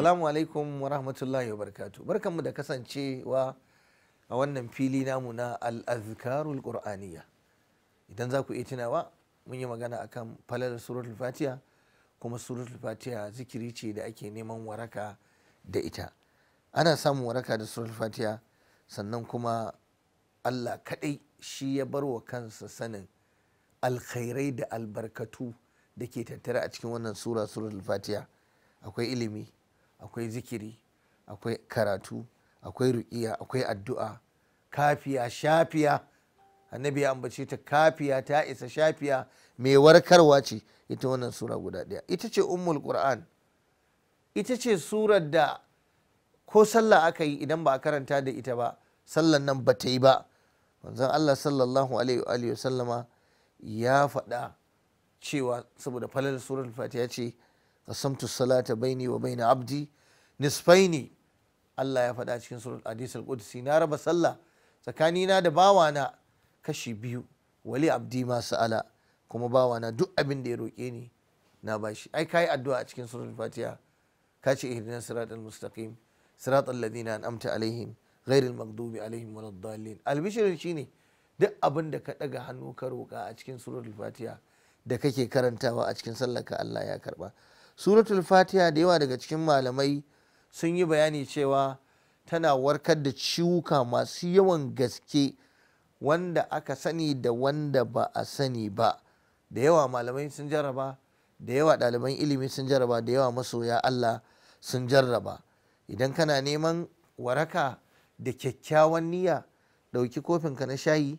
Salamu alaikum wa rahmatullahi wa barakatu. Barkanmu da kasancewa a wannan fili namu na al'azkarul qur'aniya Idan za ku iya tunawa mun yi magana akan falalar suratul fatiha kuma suratul fatiha zikiri ce da ake neman waraka da ita. Ana samun waraka da suratul fatiha sannan kuma Allah kaɗai shi ya bar wa kansa sanin alkhairai da albarkatu da ke tattare a cikin wannan sura suratul fatiha akwai ilimi akwai zikiri akwai karatu akwai ruƙiya akwai addu'a kafiya shafiya annabi ya ambace ta kafiya ta isa shafiya mai warkarwa ce ita wannan sura guda ɗaya ita ce ummul qur'an ita ce surar da ko sallah aka yi idan ba a karanta da ita ba sallan nan ba ta yi ba manzon Allah sallallahu alaihi wa sallama ya faɗa cewa saboda falal surar fatiha ce qasamtu salata baini wa baina abdi nisfaini Allah ya faɗa cikin surul hadis al-qudsi na raba sallah tsakanina da na kashi biyu wali abdi masu Ala kuma bawana duk abin da ya roƙe ni na bashi ai yi addu'a a cikin surul fatiha ka ce ihdinas siratal mustaqim siratal ladina an'amta alaihim ghairil maghdubi alaihim waladdallin albishir shine duk abinda ka daga hannu ka roƙa a cikin surul fatiha da kake karantawa a cikin sallar ka Allah ya karba suratul fatiha da yawa daga cikin malamai sun yi bayani cewa tana warkar da ciwuka masu yawan gaske wanda aka sani da wanda ba a sani ba da yawa malamai sun jarraba da yawa ɗaliban ilimi sun jarraba da yawa masoya Allah sun jarraba idan kana neman waraka da kyakkyawan niyya ɗauki kofinka na shayi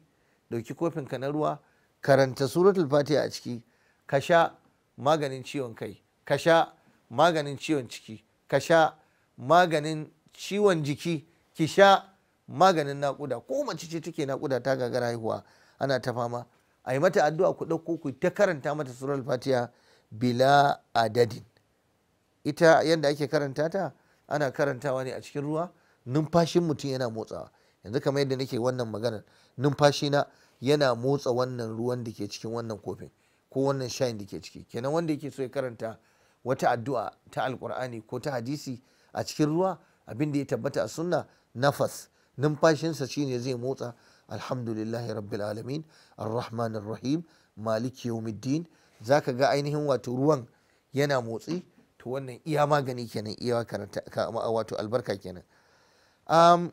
ɗauki kofinka na ruwa karanta suratul fatiha a ciki ka sha maganin ciwon kai ka sha maganin ciwon ciki ka sha maganin ciwon jiki ki sha maganin naƙuda ko mace ce take naƙuda ta gagara haihuwa ana ta fama a yi mata addu'a ku ɗauko ku ta karanta mata surar Fatiya bila adadin ita yadda ake karanta ta ana karantawa ne a cikin ruwa numfashin mutum yana motsawa yanzu kamar yadda nake wannan maganar numfashina yana motsa wannan ruwan da ke cikin wannan kofin ko wannan shayin da ke ciki kenan wanda yake so ya karanta wata addu'a ta alkur'ani ko ta hadisi a cikin ruwa abin da ya tabbata a sunna nafas numfashinsa shine zai motsa alhamdulillahi rabbil alamin arrahmanir rahim maliki yawmiddin zaka ga ainihin wato ruwan yana motsi to wannan iya magani kenan iya karanta wato albarka kenan um,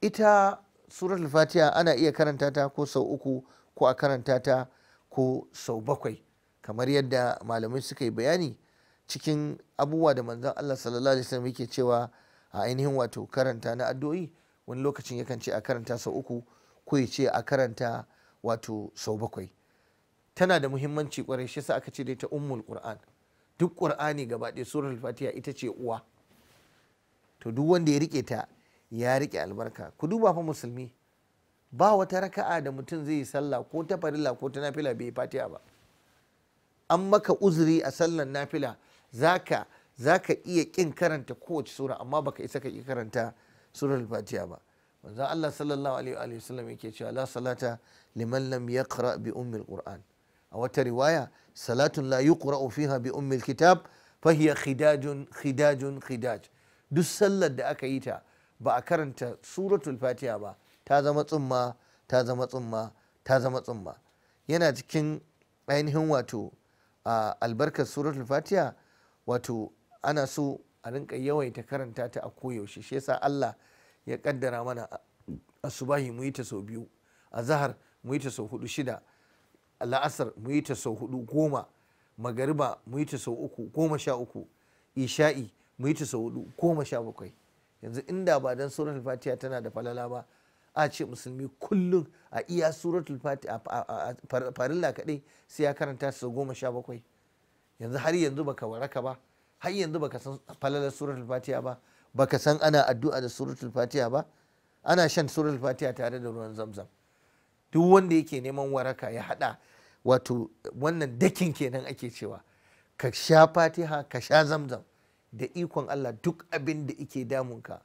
ita suratul fatiha ana iya karanta ta ko sau uku ko a karanta ta ko sau bakwai kamar yadda malamai suka yi bayani cikin abubuwa da manzon Allah sallallahu alaihi wasallam yake cewa a ainihin wato karanta na addu'o'i wani lokacin yakan ce a karanta sau uku ko ya ce a karanta wato sau bakwai tana da muhimmanci kwarai shi sa aka ce dai ta ummul qur'an duk qur'ani gaba ɗaya al fatiha ita ce uwa to duk wanda ya rike ta ya rike albarka ku duba fa musulmi ba wata raka'a da mutum zai yi sallah ko ta farilla ko ta nafila bai fatiha ba an maka uzuri a sallan nafila zaka zaka iya kin karanta kowace sura amma baka isa ka iya karanta surar al-fatiha ba manzon Allah sallallahu alaihi wa sallam yake cewa la salata liman lam yaqra bi ummi al-qur'an a wata riwaya salatun la yuqra'u fiha bi ummi al-kitab fahiya khidajun khidajun khidaj duk sallar da aka yi ta ba a karanta suratul fatiha ba ta zama tsumma ta zama tsumma ta zama tsumma yana cikin ainihin wato albarkar suratul fatiha wato ana so a rinka yawaita karanta ta a koyaushe shi yasa Allah ya kaddara mana a asubahi mu yi ta sau biyu a zahar mu yi ta sau hudu shida a la'asar mu yi ta sau hudu goma magariba mu yi ta sau uku goma sha uku isha'i mu yi ta sau hudu goma sha bakwai yanzu inda ba dan suratul fatiha tana da falala ba a ce musulmi kullum a iya suratul fatiha farilla kadai sai ya karanta su goma sha bakwai yanzu har yanzu baka waraka ba har yanzu baka san falalar suratul fatiha ba baka san ana addu'a da suratul fatiha ba ana shan suratul fatiha tare da ruwan zamzam duk wanda yake neman waraka ya hada wato wannan dakin kenan ake cewa ka sha fatiha ka sha zamzam da ikon Allah duk abin da yake ka.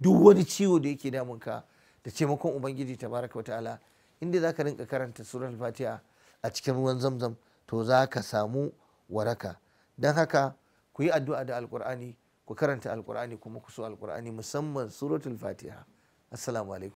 duk wani ciwo da yake damun ka. da taimakon ubangiji tabaraka wata'ala inda za ka rinka karanta suratul fatiha a cikin ruwan zamzam to za ka samu waraka don haka ku yi addu'a da alkur'ani ku karanta alkur'ani kuma ku so alkur'ani musamman suratul fatiha assalamu alaikum